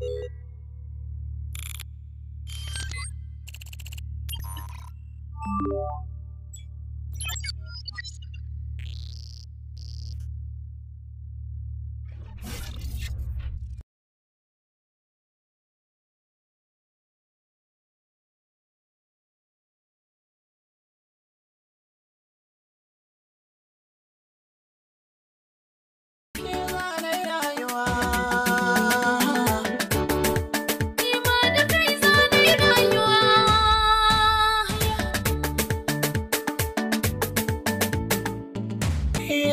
Thank you.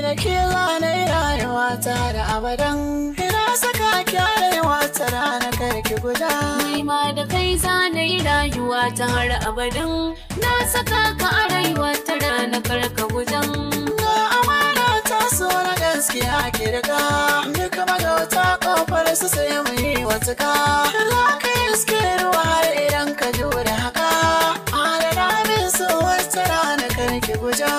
da ke zane rayuwa wata da abadan Ina saka kyarewa ta rana karki guda Mai ma da kai zane rayuwa ta har abadan Na saka ka a rayuwa ta rana karka gudan na amana ta so na gaskiya kirga Duk magauta kofar su sai mu yi ka Za ka yi iske ruwa har idan ka jure haka Har ramin su wata rana karki guda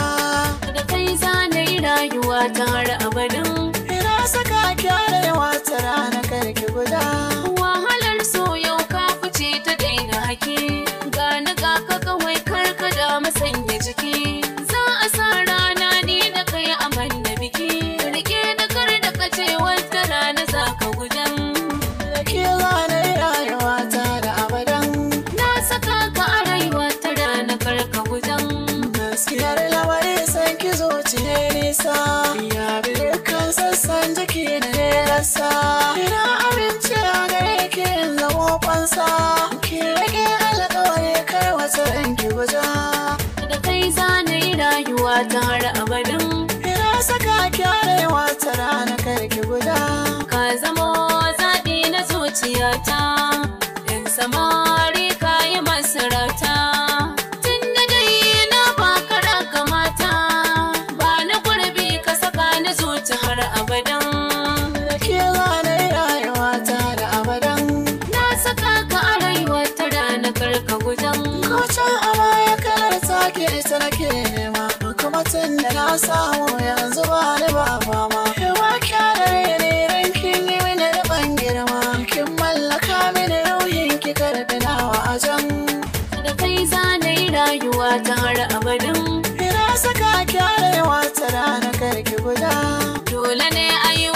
ce rayuwa ta har abadin ina saka kyara yawa ta rana karki guda wahalar soyau ka fice ta daina haki ga ni ga ka kawai da masanya jiki za a sa rana ni da kai a manna biki rike da kar da kace wata rana za ka gudan rike rana wasa ki rage alƙawari kar wasu in ki guja da kai zane rayuwa ta har abadin ina saka kyarewa ta rana kar ki guda ka zamo zaɓi na zuciyata in samari ka yi masarauta har abadan. Kila ita nake nema kuma tun da na samu yanzu ba ni ba fama yawa kyanar ne ran kin yi mini riban girma kin mallaka mini nauyin ki karfi nawa a da kai zanayi rayuwa ta har abadin ina saka kyarewa ta rana karki guda dole ne ayi